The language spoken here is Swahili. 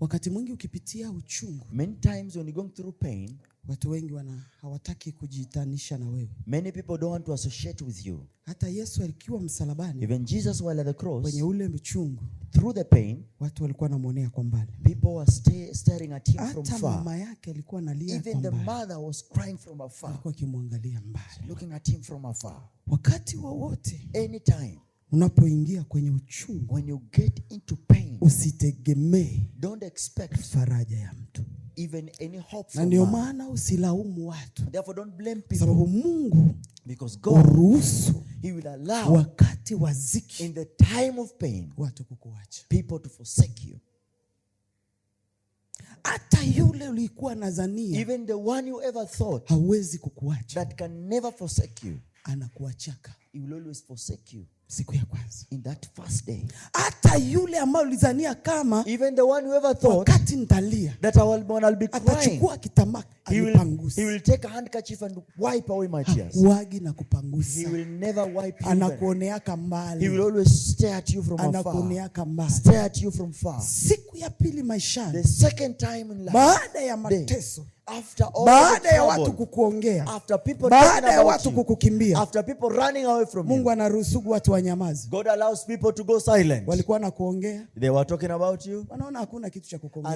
Wakati mwingi ukipitia uchungu, many times when you're going through pain, watu wengi wana hawataki kujitanisha na wewe. Many people don't want to associate with you. Hata Yesu alikiwa msalabani, even Jesus while at the cross, kwenye ule mchungu, through the pain, watu walikuwa wanamwonea kwa mbali. People were stay, staring at him from far. Hata mama yake alikuwa analia kwa mbali. Even the mother was crying from afar, alikuwa akimwangalia mbali, looking at him from afar. Wakati wowote, anytime Unapoingia kwenye uchungu, when you get into pain, usitegemee don't expect faraja ya mtu even any hope na ndio maana usilaumu watu, therefore don't blame people sababu Mungu because god uruhusu he will allow wakati wa ziki in the time of pain, watu kukuacha, people to forsake you. Hata yule ulikuwa nadhania, even the one you ever thought hawezi kukuacha, that can never forsake you, anakuachaka, he will always forsake you siku ya kwanza. In that first day. Hata yule ambaye ulizania kama Even the one who ever thought wakati nitalia, will, atachukua kitamaka He will take a handkerchief and wipe away my tears. na He will never wipe you. Anakuoneaka He will always stare at you from afar. mbali. Stare at you from far. Siku ya pili maishani. The second time in life. ya mateso. Day. After all baada ya watu kukuongeabaada after people ya watu kukukimbiamungu after people running away from watu wanyamaze. God allows people to go silent. Walikuwa na kuongea, they were talking about you, wanaona hakuna kitu cha kukuongea,